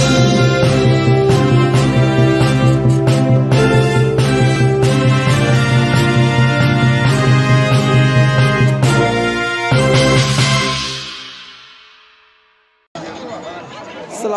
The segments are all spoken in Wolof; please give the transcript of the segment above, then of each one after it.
Thank you.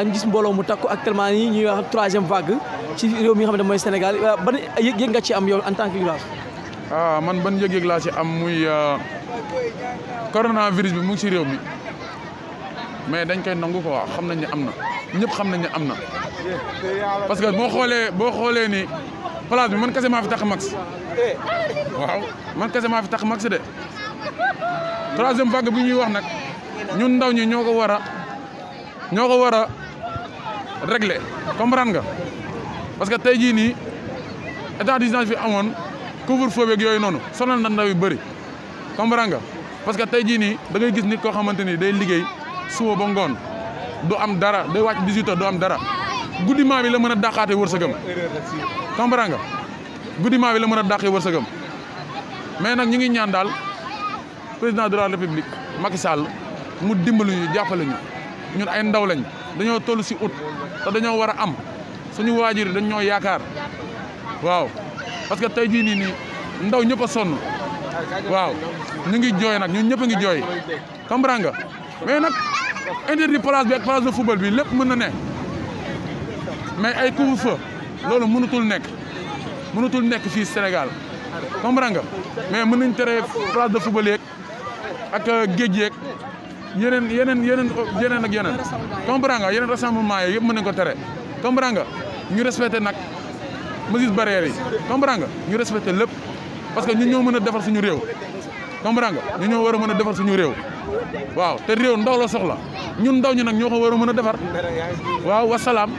am gis mbooloo mu takku actuellement nii ñuy wax troisième vague ci réew mii xam ne mooy Sénégal euh, ban yëg-yëg ci am yow en tant que leader. ah man ban yëg-yëg laa ci am muy euh, coronavirus bi mu ci réew mi mais dañ koy nangu ko xam nañ ne am na ñëpp xam nañ ne am na parce que boo xoolee boo xoolee ni place bi man kese maa fi takk max waaw man kese maa fi takk max de troisième vague bi ñuy wax nag ñun ndaw ñi ñoo ko war a ñoo ko war réglé comprendre nga parce que tey jii nii état d'urgence bi amoon couvre-feu yooyu noonu sonal na ndaw yu bëri comprendre nga parce que tey jii nii da ngay gis nit koo xamante ni day liggéey suba ba ngoon du am dara day wàcc 18 heures du am dara guddiment bi la mën a dàqaate wërsëgam comprendre nga guddiment bi la mën a dàqee wërsëgam mais nag ñu ngi ñaan daal président de la république Macky Sall mu dimbali ñu jàppale ñu ñun ay ndaw lañ dañoo toll si août te dañoo war a am suñu waajur dañ ñoo yaakaar waaw parce que tey jii nii nii ndaw ñëpp sonn waaw ñu ngi jooy nag ñun ñëpp a ngi jooy comprendre nga mais nag interdit place bi ak place de football bi lépp mën na ne mais ay couvre-feu loolu mënutul nekk mënutul nekk fii Sénégal comprendre nga mais mën nañ tere place de football yeeg ak euh, géej yeeg yeneen yeneen yeneen yeneen ak yeneen comprend nga yeneen rassemblement yi yëpp mën nañ ko tere comprend ñu respecté nag mesures barrières yi ñu respecté lépp parce que ñu ñoo mën a defar suñu réew comprend nga war a mën a defar suñu réew waaw te réew ndaw soxla ñun ndaw ñu nag ñoo ko war a mën a defar waaw wasalaam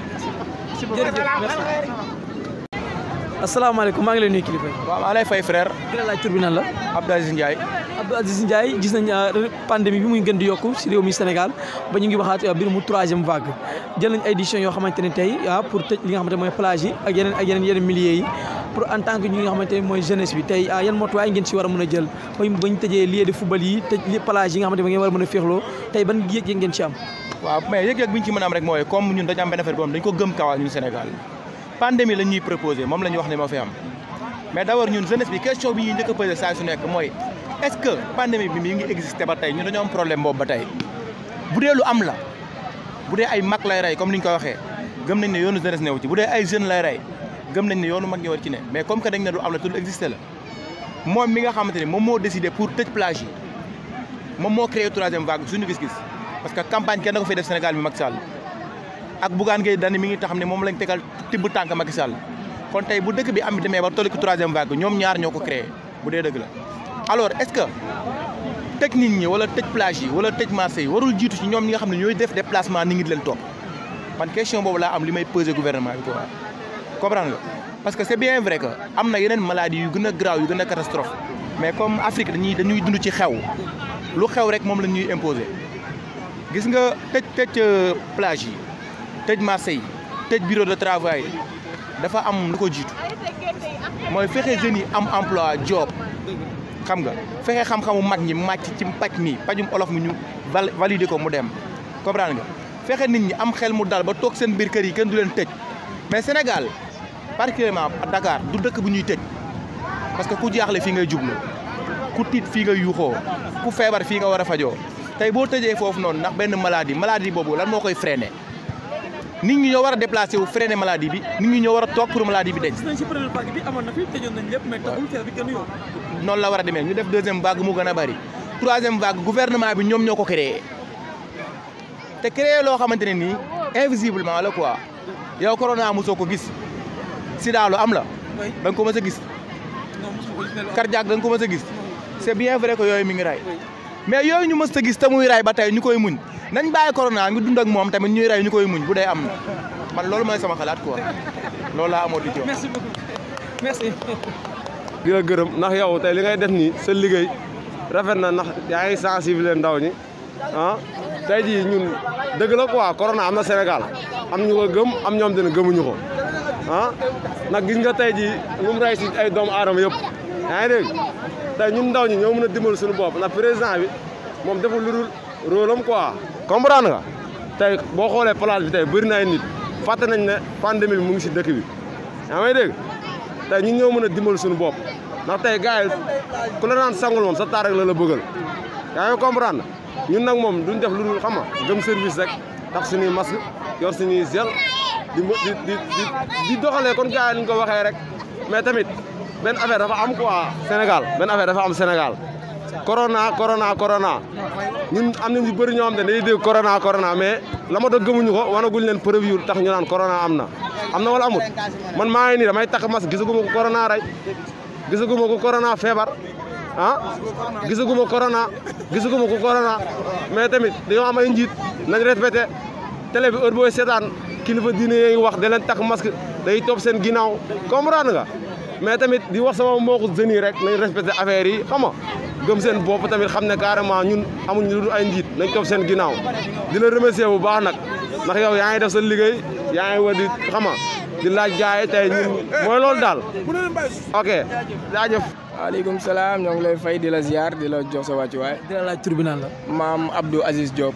asalaamaaleykum maa ngi leen nuyu kilifa waaw maa lay fay frère. ki la laaj tur la Abdou Aziz Ndiaye Abdou Aziz Ndiaye gis nañ ah, pandémie bi muy gën di yokku si réew mi Sénégal ba ñu ngi waxaat ah, mbir mu troisième vague jël nañ ay yoo xamante ne tey ah, pour tëj li nga xamante mooy plage nga xamante mooy jeunesse bi tey yan motuwaay a mën de football yi nga xamante ne ngeen war a mën a féexloo tey ban yëg-yëg ngeen si am waaw mais yëg-yëg bi ñu ci mën am rek mooy comme ñun dañu am benn affaire boobu dañu ko gëm kawaal ñun Sénégal pandémie la ñuy moom la wax ne moo fi est-ce que pandémie bi mi ngi existé ba tey ñu dañoo am problème boobu ba tey bu dee lu am la bu dee ay mag lay rey comme ni ñu ko waxee gëm nañ ne yoonu jeunesse newu ci bu dee ay jeune lay rey gëm nañ ne yoonu mag ñi war ci ne mais comme que dañ ne lu am la te lu existé la moom mi nga xamante ni moom moo décidé pour tëj plage moom moo créé troisième vague suñu gis-gis parce que campagne kenn da ko fay def Sénégal bi Macky Sall ak Bougane Gueye Dany mi ngi taxam ne moom lañ tegal tibb tànk Macky Sall tey bu dëkk bi am demee ba tolli ko troisième vague ñaar ñoo ko créé bu dee dëgg la alors est-ce que tëj nit ñi wala tëj plage yi wala tëj marché yi warul jiitu ci ñoom ñi nga xam ne ñooy def déplacement ni ngi leen topp man question boobu laa am li may peser gouvernement bi quoi comprendre nga parce que c'est bien vrai que am na yeneen maladies yu gën a grave yu gën a catastrophe mais comme Afrique dañuy dañuy dund ci xew lu xew rek moom la ñuy imposer gis nga tëj tëj euh, plage yi tëj marché yi tëj bureau de travail dafa am lu ko jiitu mooy fexe jeunes yi am emploi job xam nga fexe xam-xamu mag ñi màcc ci paj mi pajum olof mu ñu valider ko mu dem comprendre nga fexe nit ñi am xel mu dal ba toog seen biir kër yi kenn du leen tëj mais Sénégal particulièrement dakaar du dëkk bu ñuy tëj parce que ku jaaxle fii ngay jublu ku tiit fii ngay yuuxoo ku feebar fii nga war a fajoo tey boo tëjee foofu noonu ndax benn maladie maladie boobu lan moo koy freiner nit ñi ñoo war a déplacé wu freiner bi nit ñi ñoo war a toog pour maladie bi denc. gis nañ noonu la war a demee ñu def deuxième vague mu gën a bari troisième vague gouvernement bi ñoom ñoo ko créé te créé loo xamante ne nii invisiblement la quoi yow corona mosoo ko gis sida lu am la da nga ko ma a gis cardiaque da nga ko mës a gis c'est bien vrai que yooyu mi ngi ray mais yooyu ñu mës a gis te muy ray ba tey ñu koy muñ nañ bàyyi corona ngi dund ak moom tamit ñuy ray ñu koy muñ bu dee am na man loolu mooy sama xalaat quoi loolu laa amoo di jox di gërëm ndax yow tey li ngay def nii sa liggéey rafet na ndax yaa ngi sensibiliser ndaw ñi ah tey jii ñun dëgg ko quoi corona am na senegal am ñu ko gëm am ñoom dina gëmuñu ko ah nag gis nga tey jii lu mu si ay doom aaram yëpp yaa ngi dégg tey ñun ndaw ñi ñoo mën a dimbal suñu bopp ndax président bi moom deful lu dul rôle am quoi comprendre nga tey boo xoolee place bi tey bëri na ay nit fàtte nañ ne pandémie bi mu ngi si dëkk bi yaa may dégg tey ñu ñoo mën a dimbali suñu bopp nax tey gars yi ku la naan sangul moom sa taar la la bëggal yaa ngi ñun nag moom duñ def lu dul xam nga gëm service rek tax suñuy masque yor suñuy gel di di di di doxalee kon gars yi ñu ko waxee rek mais tamit benn affaire dafa am quoi Sénégal benn affaire dafa am Sénégal corona corona corona ñun am na ñu bëri ñoo xam ne dañuy dégg corona corona mais la ma doon gëmuñu ko wanaguñ leen preuve tax ñu naan corona am na am na wala amul man maa ngi nii damay takk masque gisaguma ko corona rey gisaguma ko corona feebar ah gisaguma corona gisaguma ko corona mais tamit dañoo am ay njiit nañ respecté télé bi heure seetaan kilifa diine yi wax da leen takk masque day topp seen ginnaaw comprendre nga mais tamit di wax sama mbokku jeunes yi rek nañ respecté affaire yi xam nga gëm seen bopp tamit xam ne carrément ñun amuñ lu dul ay njiit nañ topp seen ginnaaw di bu baax nag ndax yow yaa def sa liggéey yaa ngi war di xama di laaj gars yi tey ñun mooy loolu daal ok jaajëf waaleykum salaam ñoo ngi lay fay di la ziar di la jox sa wàccuwaay di la laaj tribunal la maam Abdou Aziz Diop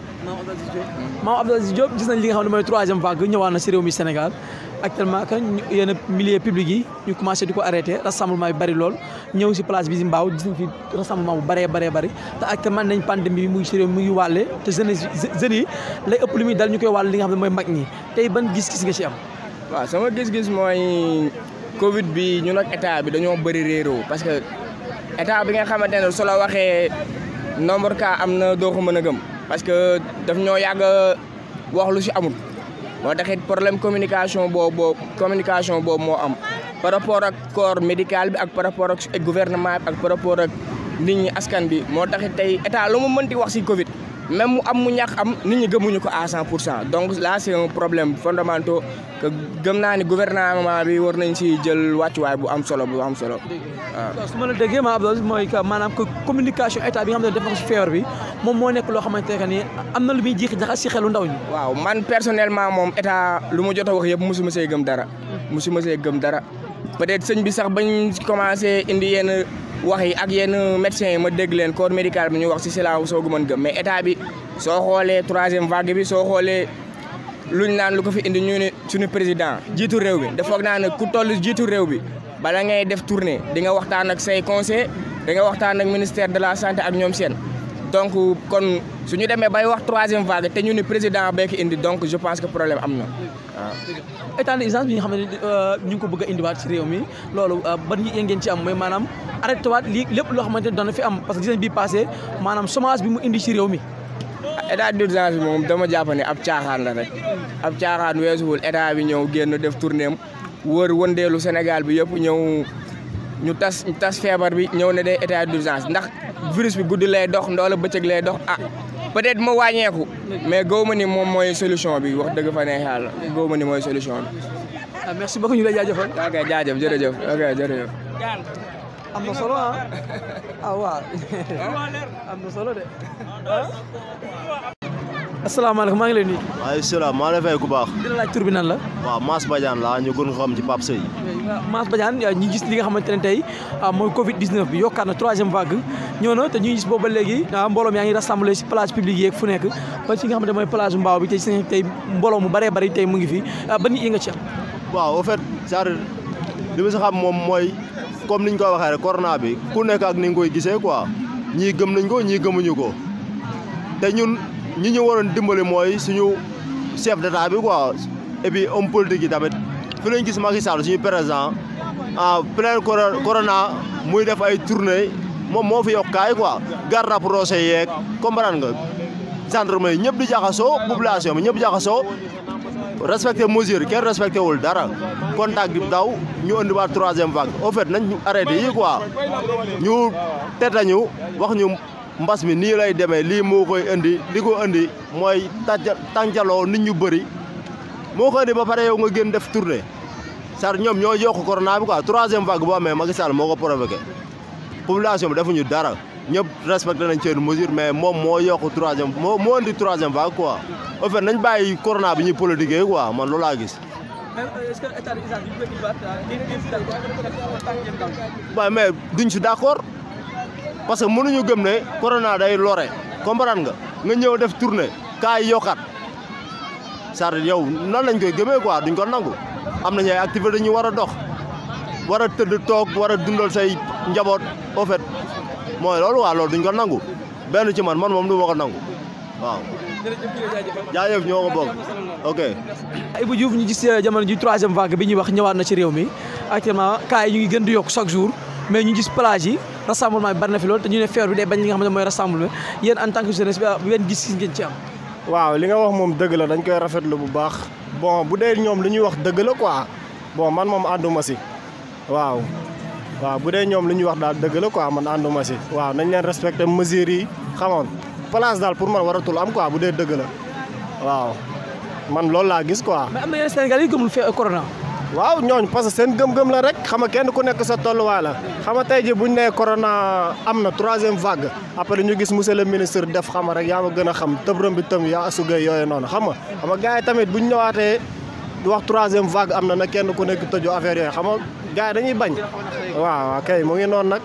maam Abdou Aziz Diop gis nañ li nga xam ne mooy troisième vague ñëwaat na si réew mi Sénégal actuellement que yenn milieu public yi ñu commencé di ko arrêté rassemblement bi bari lool ñëw si place bi si mbaaw gis fi rassemblement bu baree baree bari te actuellement nañ pandémie bi mu ngi si mu ngi wàlle te jeunes jeunes lay ëpp lu muy dal ñu koy waal li nga xam ne mooy mag ñi tey ban gis-gis nga si am waaw sama gis-gis mooy covid bi ñun ak état bi dañoo bëri réeroo parce que état bi nga xamante ne solo waxee nombre cas am na doo ko mën a gëm parce que daf ñoo yàgg wax lu si amul moo taxit problème communication boobu communication boobu moo am par rapport ak corps médical bi ak par rapport ak gouvernement bi ak par rapport ak nit ñi askan bi moo taxit tey état lu mu mënti wax ci Covid. même mu am mu ñàkk am nit ñi gëmuñu ko à cent pour cent donc là c' est un problème fondamental que gëm naa ni gouvernement bi war nañ si jël waay bu am solo bu am solo waaw su ma la déggee ma Abdou mooy que maanaam que communication état bi nga xam ne def na ko si feebar bi moom moo nekk loo xamante ne nii am na lu muy jiix jaxas si xelu ndaw ñi waaw man personnellement moom état lu ma jot wax yëpp mosuma see gëm dara mm-hmm. mosuma see gëm dara peut être sëñ bi sax bañ commencé indi yenn wax yi ak yenn médecins yi ma dégg leen corps médical bi ñu wax si si laa soogu mën gëm mais état bi soo xoolee troisième vague bi soo xoolee lu ñu naan lu ko fi indi ñu ne suñu président jiitu réew bi da foog naa ne ku toll jiitu réew bi bala ngay def tournée di nga waxtaan ak say conseil di waxtaan ak ministère de la santé ak ñoom seen donc su ñu demee bay wax troisième vague te ñu ni président bee ko indi donc je pense que problème am na waaw. état d'urgence bi nga xam ne euh, ñu ngi ko bëgg a indiwaat ci réew mi loolu euh, ban yi ngeen ci am mooy maanaam arrêté waat lii lépp loo xamante ne dana fi am parce que gis bi passé maanaam chômage bi mu indi ci réew mi. Ah, état d'urgence bi moom dama jàpp ne ab caaxaan la rek ab caaxaan weesuwul état bi ñëw génn def tournée am wër wëndeelu Sénégal bi yëpp ñëw ñu tas tas feebar bi ñëw ne day état d'urgence ndax virus bi guddi lay dox ndoola bëccëg lay dox ah. peut-être ma wàññeeku mais gaw ma ni moom mooy solution bi wax dëgg fa neex yàlla gaw ma ni mooy solution bi. ah merci beaucoup ñu lay jaajëfal. Ah, ok jaajëf jërëjëf ok jërëjëf. am na solo ah ah waaw na solo de. Ah? asalaamaaleykum maa ngi leen nuyu. waaleykum salaam maa ngi lay fay ku baax. dina laaj tur la. waaw Mass Badiane laa ñu gën xam ci Pape Seye. Mass Badiane euh, ñu gis li nga xamante ne tey euh, mooy Covid 19 bi yokkaat na troisième vague ñëw na te ñu gis boobu ba léegi euh, mbooloom yaa ngi rassemblé si place publique yeeg fu nekk ba ci nga xamante mooy place Mbao bi tey si tey mbooloo mu baree bari tey mu ngi fi ba nit yi nga ci waaw en fait genre li ma si xam moom mooy comme niñ koy waxee rek corona bi ku nekk ak ni koy gisee quoi ñii gëm nañ ko ñii gëmuñu ko ñi ñu waroon dimbali mooy suñu chef d'état bi quoi et puis homme tamit fi lañ gis Macky Sall suñu président en plein corona muy def ay tournée moom moo fi yokkaay quoi garde rapprochée yeeg comprendre nga gendarmerie ñëpp di jaxasoo population bi ñëpp jaxasoo respecté mesure kenn respecté wul dara contact bi daw ñu indiwaat troisième vague au fait nañ ñu arrêté yi quoi ñu tetañu wax ñu. mbas mi nii lay demee lii moo koy indi li ko indi mooy tàncaloo nit ñu bëri moo koy indi ba pare yow nga gën def tournée sar ñoom ñoo yokk corona bi quoi troisième vague boo amee ma Sall moo ko provoqué population bi defuñu dara ñëpp respecté nañ seen mesure mais moom moo yokk troisième moo moo indi troisième vague quoi au fait nañ bàyyi corona bi ñuy politiquer quoi man loolu laa gis. Euh, euh, waaw mais duñ si d' accord parce que mënuñu gëm ne corona day lore comprendre nga nga ñëw def tournée kaay yokkaat sar à yow nan lañ koy gëmee ko duñ ko nangu am nañu ay activité dañu war a dox war a tëdd toog war a dundal say njaboot au fait mooy loolu waa loolu duñ ko nangu benn ci man man moom du ma ko nangu waaw. jaajëf ñoo ko bokk ok. Ibou Diouf ñu gis euh, jamono ji troisième vague bi ñu wax ñëwaat na ci réew mi actuellement cas yi ñu ngi gën di yokk chaque jour mais ñu gis plage yi. rassemblement bi bari na fi loolu te ñu ne feebar bi day bañ li nga xam ne mooy rassemblement yéen en tant que jeunesse bi ah, waaw li nga wax moom dëgg la dañ koy rafetlu bu baax bon bu dee ñoom li ñuy wax dëgg la ko bon man moom ànduma si waaw waaw bu dee ñoom li ñuy wax daal dëgg la quoi man ànduma si waaw nañ leen respecté mesures yi xamoon place daal pour man waratul am quoi bu dee dëgg la waaw man loolu laa gis ko mais am na yeneen Sénégal yi gëmul fi euh, corona. waaw ñooñ parce que seen gëm-gëm la rek xam nga kenn ku nekk sa tolluwaay la xama nga tey ji buñ nee corona am na troisième vague après ñu gis monsieur le ministre def xam rek yaa ma gën a xam tëbram bi tëm yaa asugay yooyu noonu xam nga xam nga gars yi tamit buñ ñëwaatee wax troisième vague am na na kenn ku nekk tëju affaire yooyu xam nga gars yi dañuy bañ waaw kay mu ngi noonu nag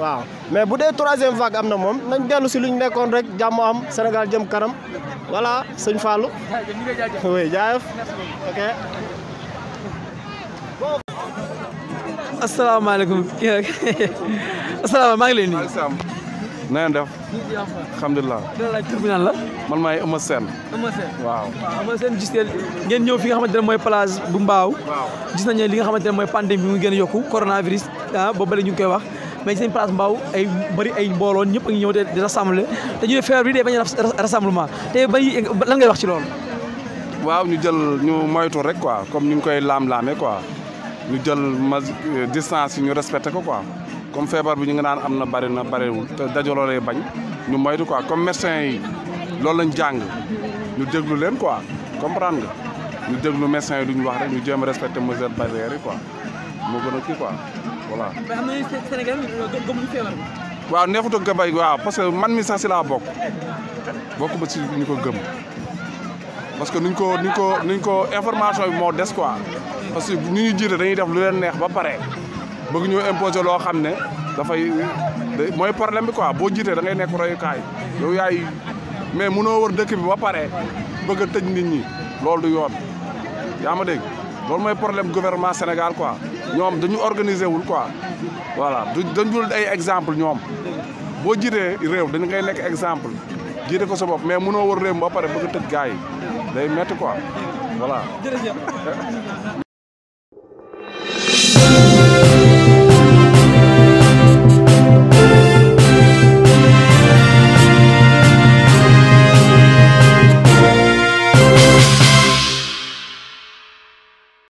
waaw mais bu dee troisième vague am na moom nañ dellu si lu luñ nekkoon rek jàmm am Sénégal jëm kanam voilà sëñ Fallou asalaamaaleykum kii maa ngi lay nuyu. na ngeen def. alhamdulilah. laaj tur bi nan la. man maay Eumeu Sène. Eumeu gis ngeen ngeen ñëw fi nga xamante ne mooy plage bu Mbaaw. gis nañu li nga xamante ne mooy pandémie bi mu gën a yokku coronavirus ah boobu ba léegi ñu ngi koy wax. mais seen place Mbao ay bëri ay mbooloo ñëpp a ngi ñëw te di rassembler te ñu ne feebar bi bañ a rassemblement te bay lan ngay wax ci loolu. waaw ñu jël ñu moytu rek quoi comme ni ñu koy laam-laamee quoi. ñu jël ma euh, distance yi ñu respecté ko ko quoi comme feebar bi ñu nga naan am na bari na bariwul te dajaloo lay bañ ñu moytu quoi comme médecin yi loolu lañ jàng ñu déglu leen quoi comprendre nga ñu déglu médecin yi lu ñu wax rek ñu jéem a respecté mesures barrières yi quoi moo gën a kii quoi voilà. waaw neexut a gëm ay waaw parce que man mi sax si laa bokk bokk ba si ñu ko gëm parce que nuñ ko nuñ ko nuñ ko information bi moo des quoi. parce que ñu ñu jiite dañuy def lu leen neex ba pare bëgg ñu imposer loo xam ne dafay mooy problème bi quoi boo jiitee da ngay nekk kaay yow yaay mais munoo war dëkk bi ba pare bëgg a tëj nit ñi loolu du yoon yaa ma dégg loolu mooy problème gouvernement Sénégal quoi ñoom dañu organiser wul quoi voilà du dañ dul ay exemple ñoom boo jiitee réew dañ ngay nekk exemple jiite ko sa bopp mais mënoo wër réew ba pare bëgg a tëj gars day metti ko voilà.